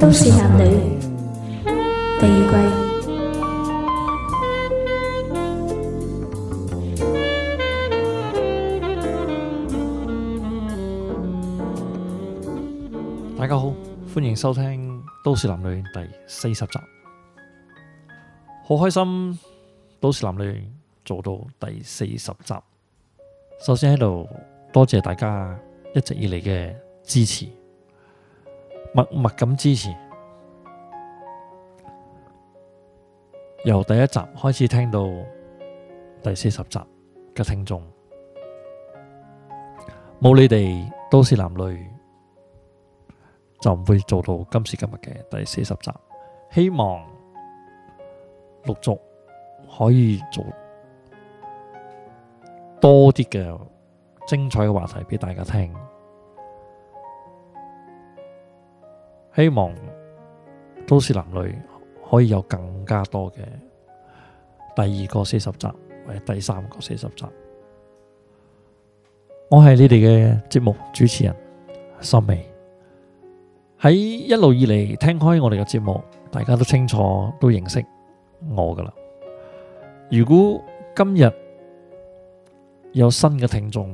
都市男女第二季，大家好，歡迎收聽《都市男女》第四十集，好開心《都市男女》做到第四十集。首先喺度多謝大家一直以嚟嘅支持。默默咁支持，由第一集開始聽到第四十集嘅聽眾，冇你哋，都市男女就唔會做到今時今日嘅第四十集。希望陸續可以做多啲嘅精彩嘅話題俾大家聽。希望都市男女可以有更加多嘅第二個四十集或者第三個四十集。我係你哋嘅節目主持人森美，喺一路以嚟，聽開我哋嘅節目，大家都清楚都認識我㗎喇。如果今日有新嘅聽眾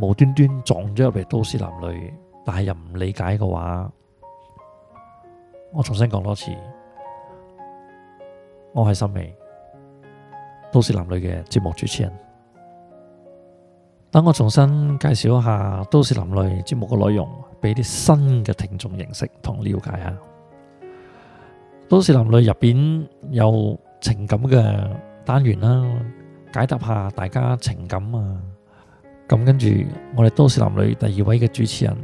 無端端撞咗入嚟都市男女，但係又唔理解嘅話，我重新講多次，我係森美，都市男女嘅節目主持人。等我重新介紹一下都市男女節目嘅內容，俾啲新嘅聽眾認識同了解下都市男女入邊有情感嘅單元啦，解答下大家情感啊。咁跟住我哋都市男女第二位嘅主持人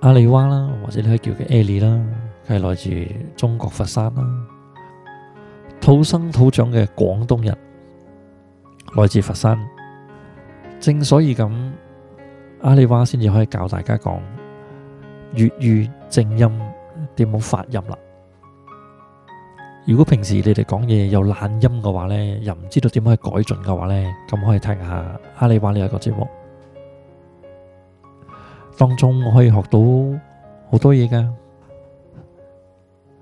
阿里娃啦，或者你可以叫佢 Ali 啦。佢係來自中國佛山啦，土生土長嘅廣東人，來自佛山。正所以咁，阿里娃先至可以教大家講粵語正音點樣發音啦。如果平時你哋講嘢有懶音嘅話咧，又唔知道點樣去改進嘅話咧，咁可以聽下阿里娃呢一個節目，當中我可以學到好多嘢噶。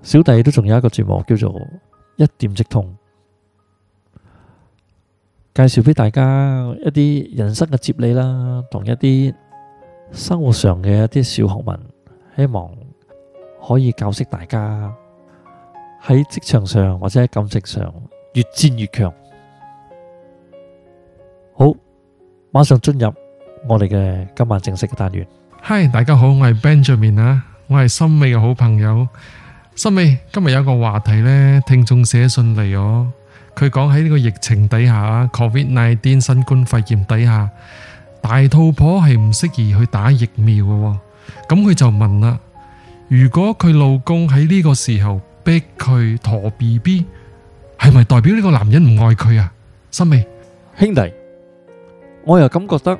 小弟都仲有一個節目叫做一點即通，介紹俾大家一啲人生嘅哲理啦，同一啲生活上嘅一啲小學問，希望可以教識大家喺職場上或者喺感情上越戰越強。好，馬上進入我哋嘅今晚正式嘅單元。嗨，大家好，我係 Benjamin 啊，我係心美嘅好朋友。心美，今日有一個話題咧，聽眾寫信嚟哦。佢講喺呢個疫情底下啊，COVID-19 新冠肺炎底下，大肚婆係唔適宜去打疫苗嘅。咁佢就問啦：如果佢老公喺呢個時候逼佢陀 B B，係咪代表呢個男人唔愛佢啊？心美兄弟，我又感覺得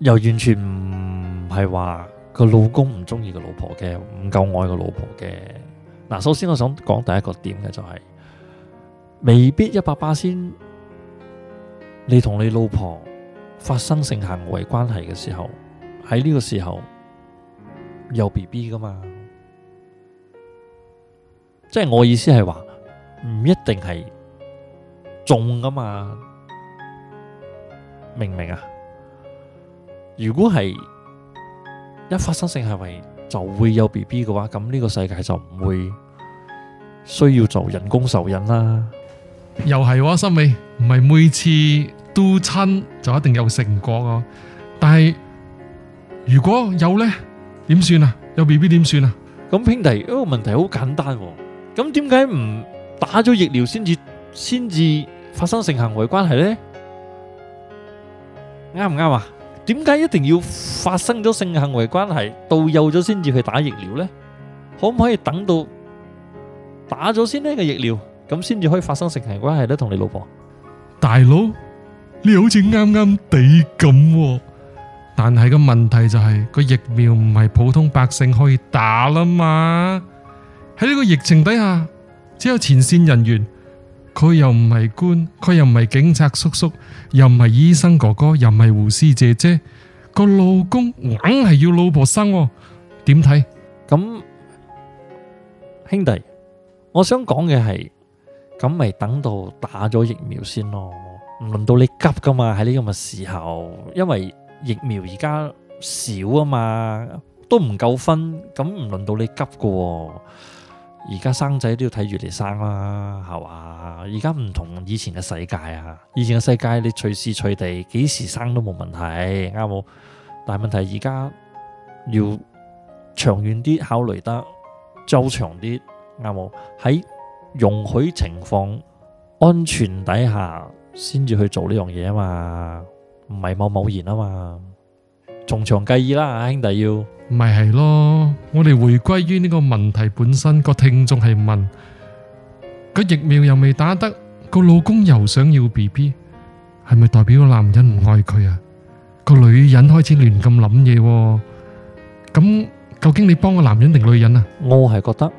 又完全唔係話。個老公唔鍾意個老婆嘅，唔夠愛個老婆嘅。嗱，首先我想講第一個點嘅就係、是，未必一百巴仙，你同你老婆發生性行為關係嘅時候，喺呢個時候有 BB 㗎嘛？即係我意思係話，唔一定係中㗎嘛？明唔明啊？如果係，一發生性行為就會有 B B 嘅話，咁呢個世界就唔會需要做人工受孕啦。又係喎，森美，唔係每次都親就一定有成果啊。但係如果有咧，點算啊？有 B B 點算啊？咁兄弟，呢個問題好簡單。咁點解唔打咗疫苗先至先至發生性行為關係咧？啱唔啱啊？點解一定要發生咗性行為關係到有咗先至去打疫苗呢？可唔可以等到打咗先呢個疫苗，咁先至可以發生性行為關係咧？同你老婆，大佬，你好似啱啱地咁，但係個問題就係、是、個疫苗唔係普通百姓可以打啦嘛。喺呢個疫情底下，只有前線人員。佢又唔係官，佢又唔係警察叔叔，又唔係醫生哥哥，又唔係護士姐姐，個老公硬係要老婆生喎，點睇？咁兄弟，我想講嘅係，咁咪等到打咗疫苗先咯，唔輪到你急噶嘛，喺呢個嘅時候，因為疫苗而家少啊嘛，都唔夠分，咁唔輪到你急噶。而家生仔都要睇住嚟生啦，係嘛？而家唔同以前嘅世界啊，以前嘅世界你隨時隨地幾時生都冇問題，啱冇？但係問題而家要長遠啲考慮得周詳啲，啱冇？喺容許情況安全底下先至去做呢樣嘢啊嘛，唔係某某言啊嘛，從長計議啦，兄弟要。咪係咯，我哋回歸於呢個問題本身，個聽眾係問：個疫苗又未打得，個老公又想要 BB，係咪代表個男人唔愛佢啊？個女人開始亂咁諗嘢，咁究竟你幫個男人定女人啊？我係覺得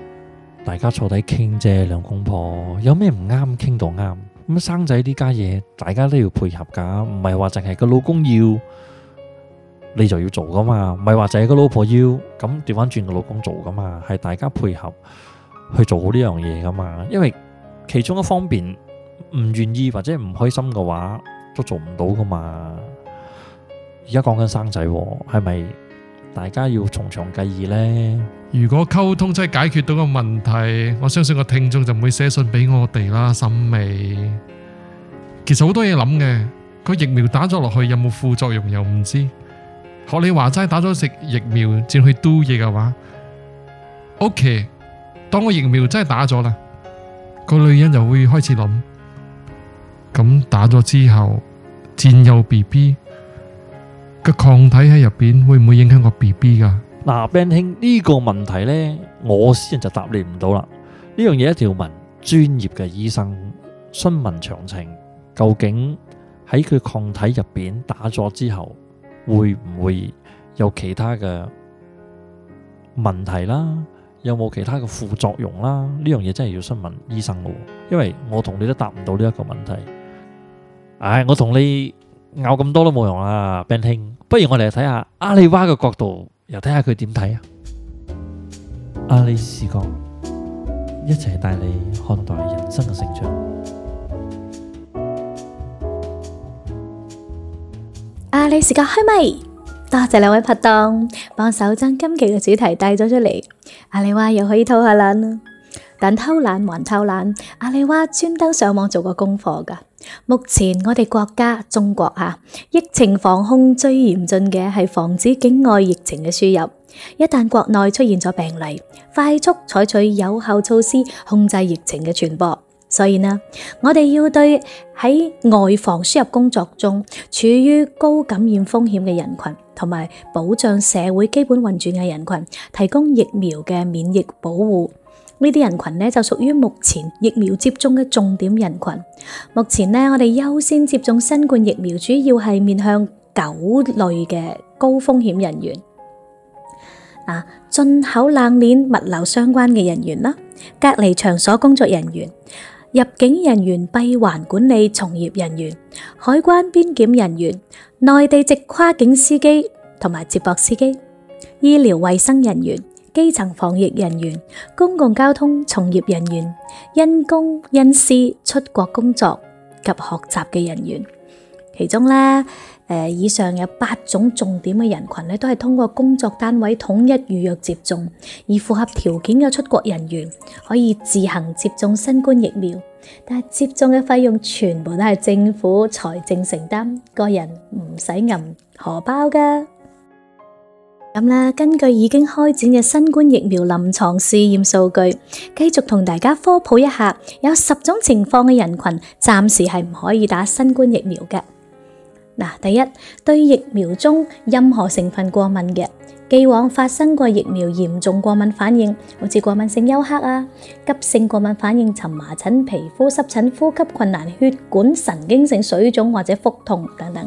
大家坐底傾啫，兩公婆有咩唔啱傾到啱，咁生仔呢家嘢大家都要配合噶，唔係話淨係個老公要。你就要做噶嘛，唔係話就係個老婆要咁調翻轉個老公做噶嘛，係大家配合去做好呢樣嘢噶嘛。因為其中一方面唔願意或者唔開心嘅話，都做唔到噶嘛。而家講緊生仔，係咪大家要從長計議呢？如果溝通真係解決到個問題，我相信個聽眾就唔會寫信俾我哋啦。沈微，其實好多嘢諗嘅，個疫苗打咗落去有冇副作用又唔知。學你話齋打咗食疫苗再去 do 嘢嘅話，OK，當個疫苗真係打咗啦，個女人就會開始諗，咁打咗之後，戰幼 B B 嘅抗體喺入邊會唔會影響個 B B 噶？嗱、呃、，Ben 兄呢個問題咧，我先就答你唔到啦。呢樣嘢一定要問專業嘅醫生，詢問詳情，究竟喺佢抗體入邊打咗之後。會唔會有其他嘅問題啦？有冇其他嘅副作用啦？呢樣嘢真係要詢問醫生嘅，因為我同你都答唔到呢一個問題。唉、哎，我同你拗咁多都冇用啊，Ben 兄，不如我哋睇下阿里娃嘅角度，又睇下佢點睇啊？阿里視角一齊帶你看待人生嘅成長。阿里時間開咪？多謝兩位拍檔，幫手將今期嘅主題帶咗出嚟。阿里話又可以偷下懶，但偷懶還偷懶。阿里話專登上網做過功課㗎。目前我哋國家中國吓疫情防控最嚴峻嘅係防止境外疫情嘅輸入，一旦國內出現咗病例，快速採取有效措施控制疫情嘅傳播。所以呢，我哋要對喺外防輸入工作中處於高感染風險嘅人群，同埋保障社會基本運轉嘅人群，提供疫苗嘅免疫保護。呢啲人群呢就屬於目前疫苗接種嘅重點人群。目前呢，我哋優先接種新冠疫苗，主要係面向九類嘅高風險人員。嗱，進口冷鏈物流相關嘅人員啦，隔離場所工作人員。入境人員、閉環管理從業人員、海關邊檢人員、內地籍跨境司機同埋接駁司機、醫療衛生人員、基層防疫人員、公共交通從業人員、因公因私出國工作及學習嘅人員。其中咧，誒，以上有八種重點嘅人群咧，都係通過工作單位統一預約接種。而符合條件嘅出國人員可以自行接種新冠疫苗，但係接種嘅費用全部都係政府財政承擔，個人唔使銀荷包噶。咁啦，根據已經開展嘅新冠疫苗臨床試驗數據，繼續同大家科普一下，有十種情況嘅人群暫時係唔可以打新冠疫苗嘅。嗱，第一對疫苗中任何成分過敏嘅、既往發生過疫苗嚴重過敏反應，好似過敏性休克啊、急性過敏反應、蕁麻疹、皮膚濕疹、呼吸困難、血管神經性水腫或者腹痛等等。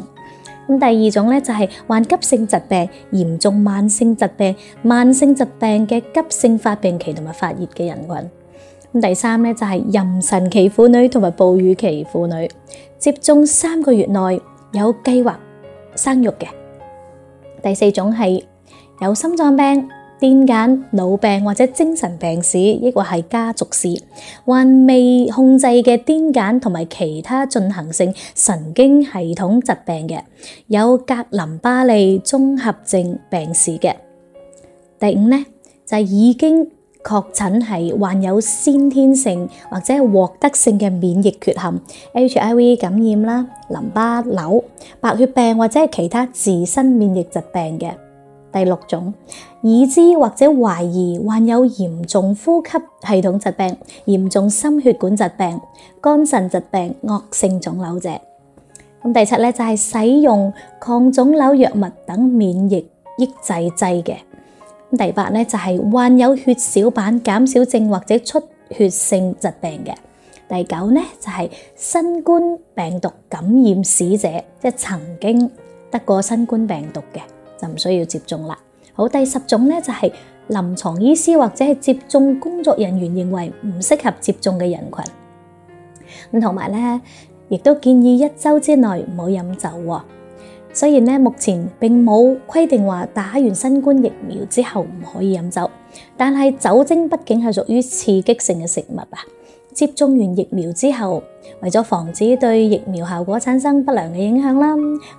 咁第二種咧就係患急性疾病、嚴重慢性疾病、慢性疾病嘅急性發病期同埋發熱嘅人群。咁第三咧就係妊娠期婦女同埋哺乳期婦女接種三個月內，有計劃生育嘅，第四種係有心臟病、癲癇、腦病或者精神病史，亦或係家族史，還未控制嘅癲癇同埋其他進行性神經系統疾病嘅，有格林巴利綜合症病史嘅。第五咧就係、是、已經，確診係患有先天性或者獲得性嘅免疫缺陷、HIV 感染啦、淋巴瘤、白血病或者係其他自身免疫疾病嘅。第六種，已知或者懷疑患有嚴重呼吸系統疾病、嚴重心血管疾病、肝腎疾病、惡性腫瘤者。咁第七咧就係、是、使用抗腫瘤藥物等免疫抑制劑嘅。第八咧就係患有血小板減少症或者出血性疾病嘅。第九咧就係新冠病毒感染史者，即係曾經得過新冠病毒嘅，就唔需要接種啦。好，第十種咧就係臨床醫師或者係接種工作人員認為唔適合接種嘅人群。咁同埋咧，亦都建議一周之內唔好飲酒喎。雖然呢，目前並冇規定話打完新冠疫苗之後唔可以飲酒，但係酒精畢竟係屬於刺激性嘅食物啊。接種完疫苗之後，為了防止對疫苗效果產生不良嘅影響啦，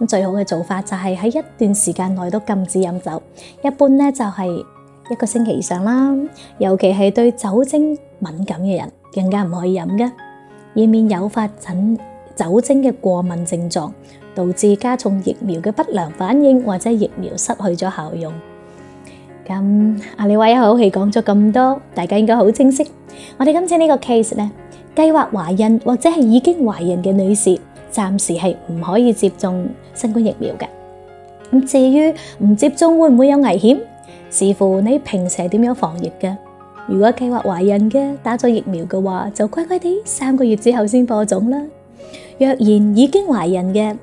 最好嘅做法就係喺一段時間內都禁止飲酒。一般呢就係一個星期以上啦，尤其係對酒精導致加重疫苗嘅不良反應，或者疫苗失去咗效用。咁啊，阿李，一口氣講咗咁多，大家應該好清晰。我哋今次呢個 case 咧，計劃懷孕或者係已經懷孕嘅女士，暫時係唔可以接種新冠疫苗嘅。咁至於唔接種會唔會有危險，視乎你平時係點樣防疫嘅。如果計劃懷孕嘅打咗疫苗嘅話，就乖乖地三個月之後先播種啦。若然已經懷孕嘅，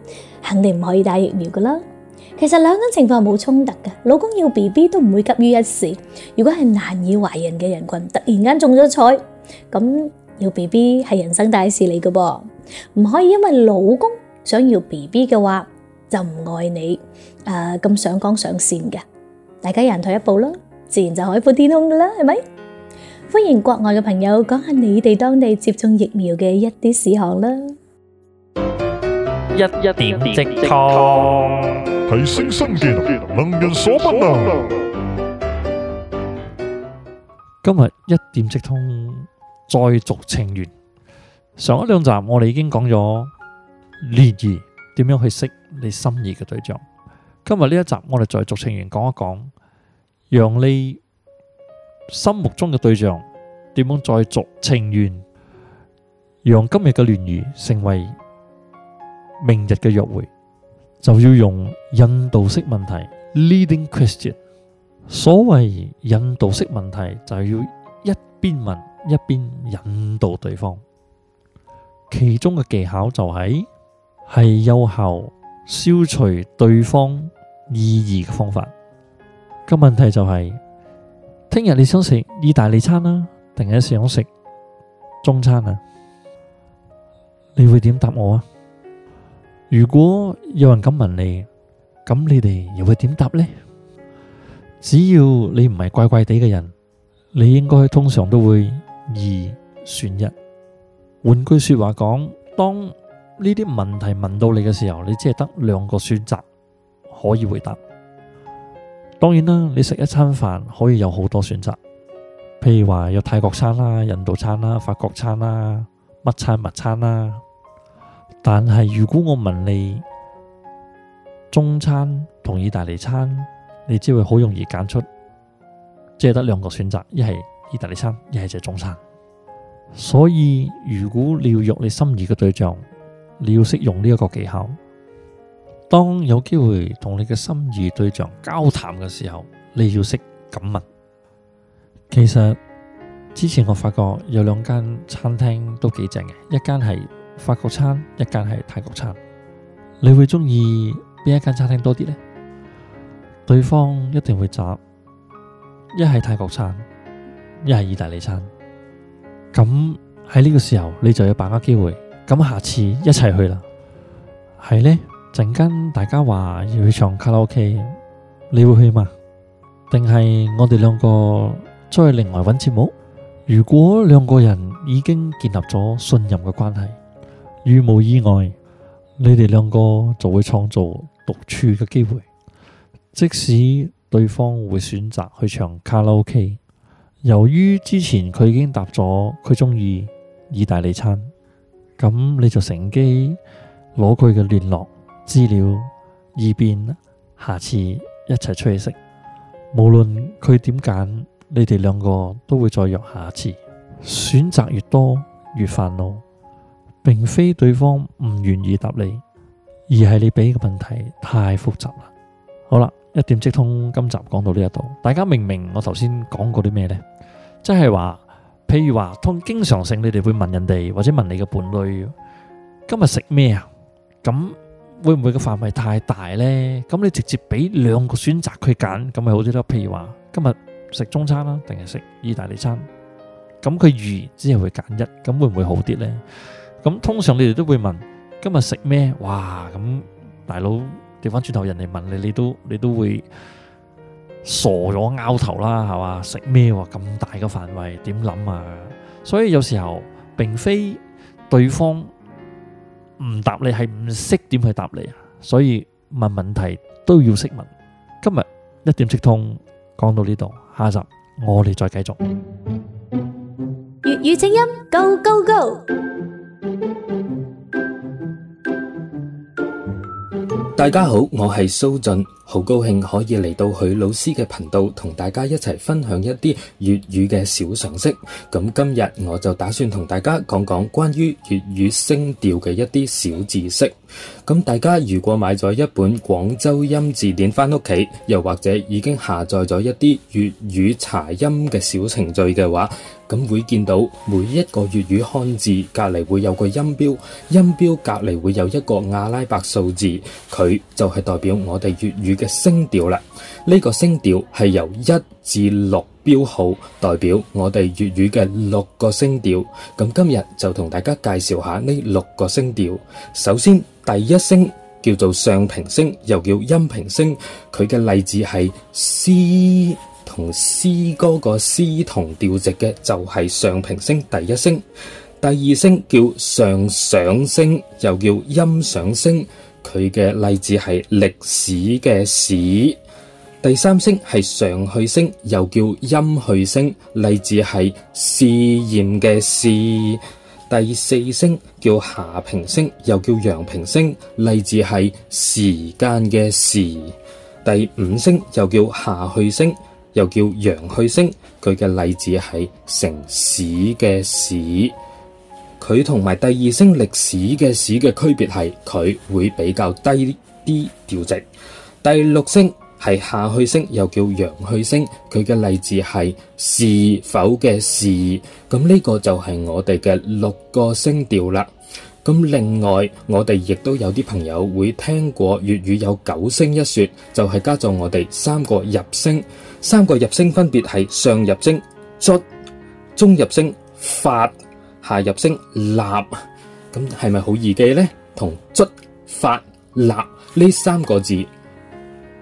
肯定唔可以打疫苗噶啦。其實兩種情況冇衝突嘅。老公要 B B 都唔會急於一時。如果係難以懷孕嘅人群，突然間中咗彩咁，要 B B 係人生大事嚟噶噃，唔可以因為老公想要 B B 嘅話就唔愛你誒，咁上綱上線嘅。大家人退一步啦，自然就海闊天空噶啦，係咪？歡迎國外嘅朋友講下你哋當地接種疫苗嘅一啲事項啦。一一點即通，提升心境，能人所不能。今日一點即通，再續情緣。上一兩集我哋已經講咗聯誼點樣去識你心儀嘅對象。今日呢一集我哋再續情緣，講一講，讓你心目中嘅對象點樣再續情緣，讓今日嘅聯誼成為。明日嘅約會就要用引導式問題 leading question。所謂引導式問題就要一邊問一邊引導對方，其中嘅技巧就係、係、係有效消除對方異議嘅方法。個問題就係聽日你想食意大利餐啦、啊，定係想食中餐啊？你會點答我啊？如果有人咁問你，咁你哋又會點答呢？只要你唔係怪怪地嘅人，你應該通常都會二選一。換句說話講，當呢啲問題問到你嘅時候，你只係得兩個選擇可以回答。當然啦，你食一餐飯可以有好多選擇，譬如話有泰國餐啦、印度餐啦、法國餐啦、乜餐乜餐啦。但係如果我問你中餐同意大利餐，你只會好容易揀出，淨係得兩個選擇，一係意大利餐，一係就中餐。所以如果你要約你心儀嘅對象，你要識用呢一個技巧。當有機會同你嘅心儀對象交談嘅時候，你要識咁問。其實之前我發覺有兩間餐廳都幾正嘅，一間係。法國餐一間係泰國餐，你會中意邊一間餐廳多啲呢？對方一定會擇，一係泰國餐，一係意大利餐。咁喺呢個時候，你就要把握機會。咁下次一齊去啦。係呢，陣間大家話要去唱卡拉 OK，你會去嘛？定係我哋兩個出去另外揾節目？如果兩個人已經建立咗信任嘅關係。如無意外，你哋兩個就會創造獨處嘅機會。即使對方會選擇去唱卡拉 OK，由於之前佢已經答咗佢中意意大利餐，咁你就乘機攞佢嘅聯絡資料，以便下次一齊出去食。無論佢點揀，你哋兩個都會再約下次。選擇越多越煩惱，越煩惱。並非對方唔願意答你，而係你俾嘅問題太複雜啦。好啦，一點即通，今集講到呢一度，大家明唔明我頭先講過啲咩呢？即係話，譬如話通經常性，你哋會問人哋或者問你嘅伴侶今日食咩啊？咁會唔會個範圍太大呢？咁你直接俾兩個選擇佢揀，咁咪好啲咯？譬如話今日食中餐啦，定係食意大利餐？咁佢然之後會揀一，咁會唔會好啲呢？咁通常你哋都會問今日食咩？哇！咁大佬調翻轉頭人哋問你，你都你都會傻咗拗頭啦，係嘛？食咩哇？咁大個範圍點諗啊？所以有時候並非對方唔答你，係唔識點去答你啊。所以問問題都要識問。今日一點即通，講到呢度，下集我哋再繼續。粵語清音，Go Go Go！大家好，我係蘇俊。好高興可以嚟到許老師嘅頻道，同大家一齊分享一啲粵語嘅小常識。咁今日我就打算同大家講講關於粵語聲調嘅一啲小知識。咁大家如果買咗一本廣州音字典翻屋企，又或者已經下載咗一啲粵語查音嘅小程序嘅話，咁會見到每一個粵語漢字隔籬會有個音標，音標隔籬會有一個阿拉伯數字，佢就係代表我哋粵語。嘅聲調啦，呢、這個聲調係由一至六標號代表我哋粵語嘅六個聲調。咁今日就同大家介紹下呢六個聲調。首先，第一聲叫做上平聲，又叫陰平聲。佢嘅例子係詩同詩歌個詩同調值嘅就係、是、上平聲，第一聲。第二聲叫上上聲，又叫陰上聲。佢嘅例子係歷史嘅史，第三聲係上去聲，又叫陰去聲，例子係試驗嘅試。第四聲叫下平聲，又叫陽平聲，例子係時間嘅時。第五聲又叫下去聲，又叫陽去聲，佢嘅例子係城市嘅市。佢同埋第二聲歷史嘅史嘅區別係，佢會比較低啲調值。第六聲係下去聲，又叫陽去聲，佢嘅例子係是，是否嘅是。咁呢個就係我哋嘅六個聲調啦。咁另外，我哋亦都有啲朋友會聽過粵語有九聲一說，就係、是、加咗我哋三個入聲，三個入聲分別係上入聲、卒、中入聲、發。下入聲立咁係咪好易記呢？同卒、發、立呢三個字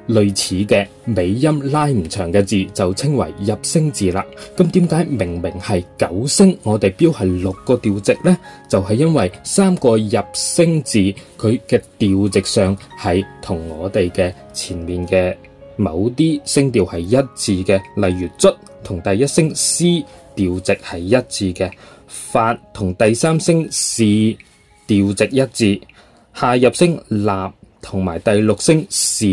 類似嘅尾音拉唔長嘅字就稱為入聲字啦。咁點解明明係九聲，我哋標係六個調值呢？就係、是、因為三個入聲字佢嘅調值上係同我哋嘅前面嘅某啲聲調係一致嘅，例如卒同第一聲思調值係一致嘅。法同第三聲是調值一致，下入聲立同埋第六聲是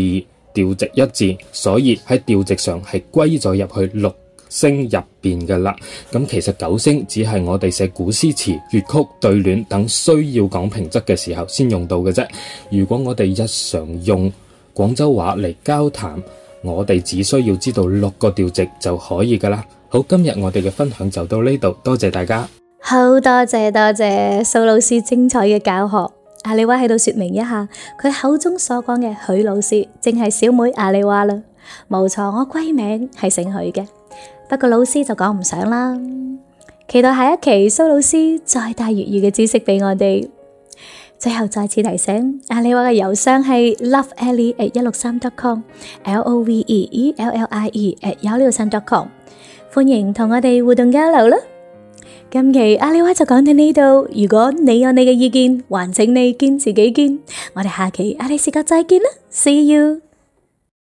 調值一致，所以喺調值上係歸咗入去六聲入面噶啦。咁其實九聲只係我哋寫古詩詞、粵曲、對聯等需要講平仄嘅時候先用到嘅啫。如果我哋日常用廣州話嚟交談，我哋只需要知道六個調值就可以噶啦。好，今日我哋嘅分享就到呢度，多謝大家。好，多謝多謝蘇老師精彩嘅教學，阿里娃喺度說明一下，佢口中所講嘅許老師正係小妹阿里娃啦，冇錯，我閨名係姓許嘅，不過老師就講唔上啦。期待下一期蘇老師再帶粵語嘅知識畀我哋。最後再次提醒，阿里娃嘅郵箱係 loveali@ 一六三 .com，L O V E E L L I E@ at 幺六三 .com，歡迎同我哋互動交流啦。今期阿麗威就講到呢度，如果你有你嘅意見，還請你堅持己見。我哋下期阿里時刻再見啦，See you。